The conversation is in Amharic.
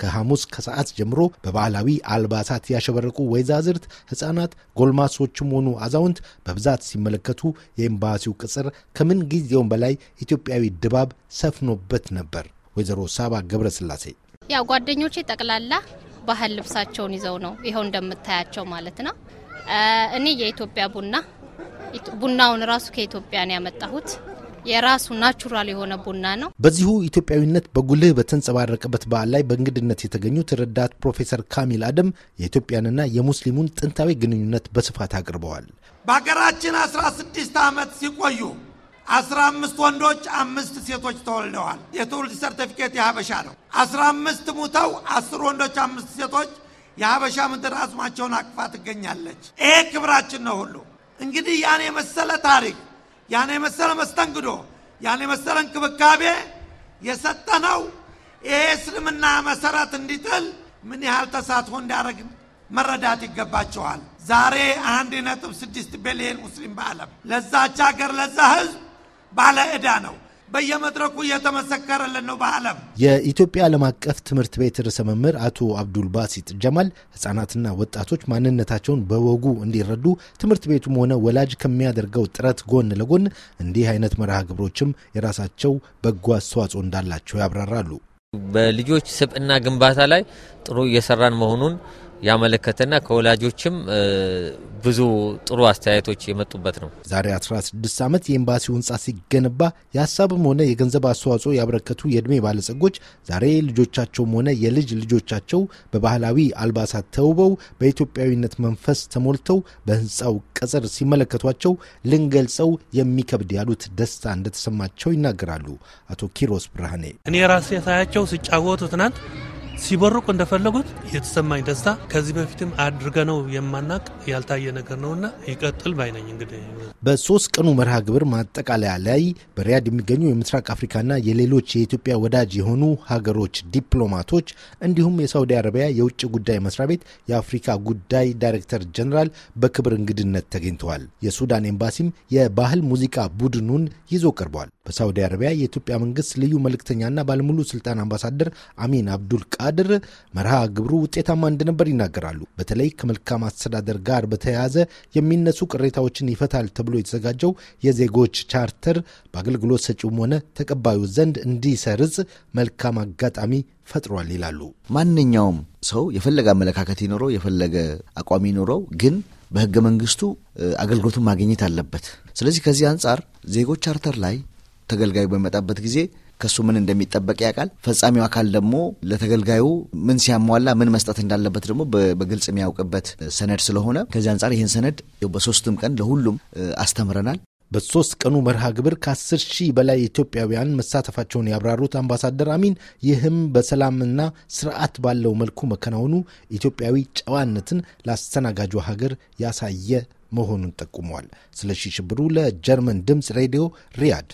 ከሐሙስ ከሰዓት ጀምሮ በባህላዊ አልባሳት ያሸበረቁ ወይዛዝርት፣ ሕፃናት፣ ጎልማሶችም ሆኑ አዛውንት በብዛት ሲመለከቱ የኤምባሲው ቅጽር ከምን ጊዜውም በላይ ኢትዮጵያዊ ድባብ ሰፍኖበት ነበር። ወይዘሮ ሳባ ገብረስላሴ ያው ጓደኞቼ ጠቅላላ ባህል ልብሳቸውን ይዘው ነው ይኸው እንደምታያቸው ማለት ነው። እኔ የኢትዮጵያ ቡና ቡናውን ራሱ ከኢትዮጵያ ነው ያመጣሁት። የራሱ ናቹራል የሆነ ቡና ነው። በዚሁ ኢትዮጵያዊነት በጉልህ በተንጸባረቀበት በዓል ላይ በእንግድነት የተገኙት ረዳት ፕሮፌሰር ካሚል አደም የኢትዮጵያንና የሙስሊሙን ጥንታዊ ግንኙነት በስፋት አቅርበዋል። በሀገራችን 16 ዓመት ሲቆዩ 15 ወንዶች፣ አምስት ሴቶች ተወልደዋል። የትውልድ ሰርቲፊኬት የሀበሻ ነው። 15 ሙተው 10 ወንዶች፣ አምስት ሴቶች የሀበሻ ምድር አጽማቸውን አቅፋ ትገኛለች። ይሄ ክብራችን ነው። ሁሉ እንግዲህ ያን የመሰለ ታሪክ ያን የመሰለ መስተንግዶ፣ ያን የመሰለ እንክብካቤ የሰጠነው ይሄ እስልምና መሰረት እንዲጥል ምን ያህል ተሳትፎ እንዳደረግ መረዳት ይገባቸዋል። ዛሬ አንድ ነጥብ ስድስት ቢሊዮን ሙስሊም በዓለም ለዛች ሀገር ለዛ ህዝብ ባለ ዕዳ ነው። በየመድረኩ እየተመሰከረልን ነው። በዓለም የኢትዮጵያ ዓለም አቀፍ ትምህርት ቤት ርዕሰ መምህር አቶ አብዱል ባሲጥ ጀማል ህጻናትና ወጣቶች ማንነታቸውን በወጉ እንዲረዱ ትምህርት ቤቱም ሆነ ወላጅ ከሚያደርገው ጥረት ጎን ለጎን እንዲህ አይነት መርሃ ግብሮችም የራሳቸው በጎ አስተዋጽኦ እንዳላቸው ያብራራሉ። በልጆች ስብዕና ግንባታ ላይ ጥሩ እየሰራን መሆኑን ያመለከተና ከወላጆችም ብዙ ጥሩ አስተያየቶች የመጡበት ነው። ዛሬ 16 ዓመት የኤምባሲው ህንፃ ሲገነባ የሀሳብም ሆነ የገንዘብ አስተዋጽኦ ያበረከቱ የእድሜ ባለጸጎች ዛሬ ልጆቻቸውም ሆነ የልጅ ልጆቻቸው በባህላዊ አልባሳት ተውበው በኢትዮጵያዊነት መንፈስ ተሞልተው በህንፃው ቅጽር ሲመለከቷቸው ልንገልጸው የሚከብድ ያሉት ደስታ እንደተሰማቸው ይናገራሉ አቶ ኪሮስ ብርሃኔ። እኔ ራሴ ሳያቸው ሲጫወቱ ትናንት ሲቦርቁ እንደፈለጉት የተሰማኝ ደስታ ከዚህ በፊትም አድርገ ነው የማናቅ ያልታየ ነገር ነውና ይቀጥል ባይነኝ። እንግዲህ በሶስት ቀኑ መርሃ ግብር ማጠቃለያ ላይ በሪያድ የሚገኙ የምስራቅ አፍሪካና የሌሎች የኢትዮጵያ ወዳጅ የሆኑ ሀገሮች ዲፕሎማቶች እንዲሁም የሳውዲ አረቢያ የውጭ ጉዳይ መስሪያ ቤት የአፍሪካ ጉዳይ ዳይሬክተር ጀኔራል በክብር እንግድነት ተገኝተዋል። የሱዳን ኤምባሲም የባህል ሙዚቃ ቡድኑን ይዞ ቀርቧል። በሳውዲ አረቢያ የኢትዮጵያ መንግስት ልዩ መልእክተኛና ባለሙሉ ስልጣን አምባሳደር አሚን አብዱል ቃድር መርሃ ግብሩ ውጤታማ እንደነበር ይናገራሉ። በተለይ ከመልካም አስተዳደር ጋር በተያያዘ የሚነሱ ቅሬታዎችን ይፈታል ተብሎ የተዘጋጀው የዜጎች ቻርተር በአገልግሎት ሰጪውም ሆነ ተቀባዩ ዘንድ እንዲሰርጽ መልካም አጋጣሚ ፈጥሯል ይላሉ። ማንኛውም ሰው የፈለገ አመለካከት ይኖረው የፈለገ አቋም ይኖረው ግን በህገ መንግስቱ አገልግሎቱን ማግኘት አለበት። ስለዚህ ከዚህ አንጻር ዜጎች ቻርተር ላይ ተገልጋዩ በሚመጣበት ጊዜ ከሱ ምን እንደሚጠበቅ ያውቃል። ፈጻሚው አካል ደግሞ ለተገልጋዩ ምን ሲያሟላ ምን መስጠት እንዳለበት ደግሞ በግልጽ የሚያውቅበት ሰነድ ስለሆነ ከዚህ አንጻር ይህን ሰነድ በሶስትም ቀን ለሁሉም አስተምረናል። በሶስት ቀኑ መርሃ ግብር ከ10 ሺህ በላይ ኢትዮጵያውያን መሳተፋቸውን ያብራሩት አምባሳደር አሚን ይህም በሰላምና ስርዓት ባለው መልኩ መከናወኑ ኢትዮጵያዊ ጨዋነትን ለአስተናጋጁ ሀገር ያሳየ መሆኑን ጠቁመዋል። ስለሺ ሽብሩ ለጀርመን ድምፅ ሬዲዮ ሪያድ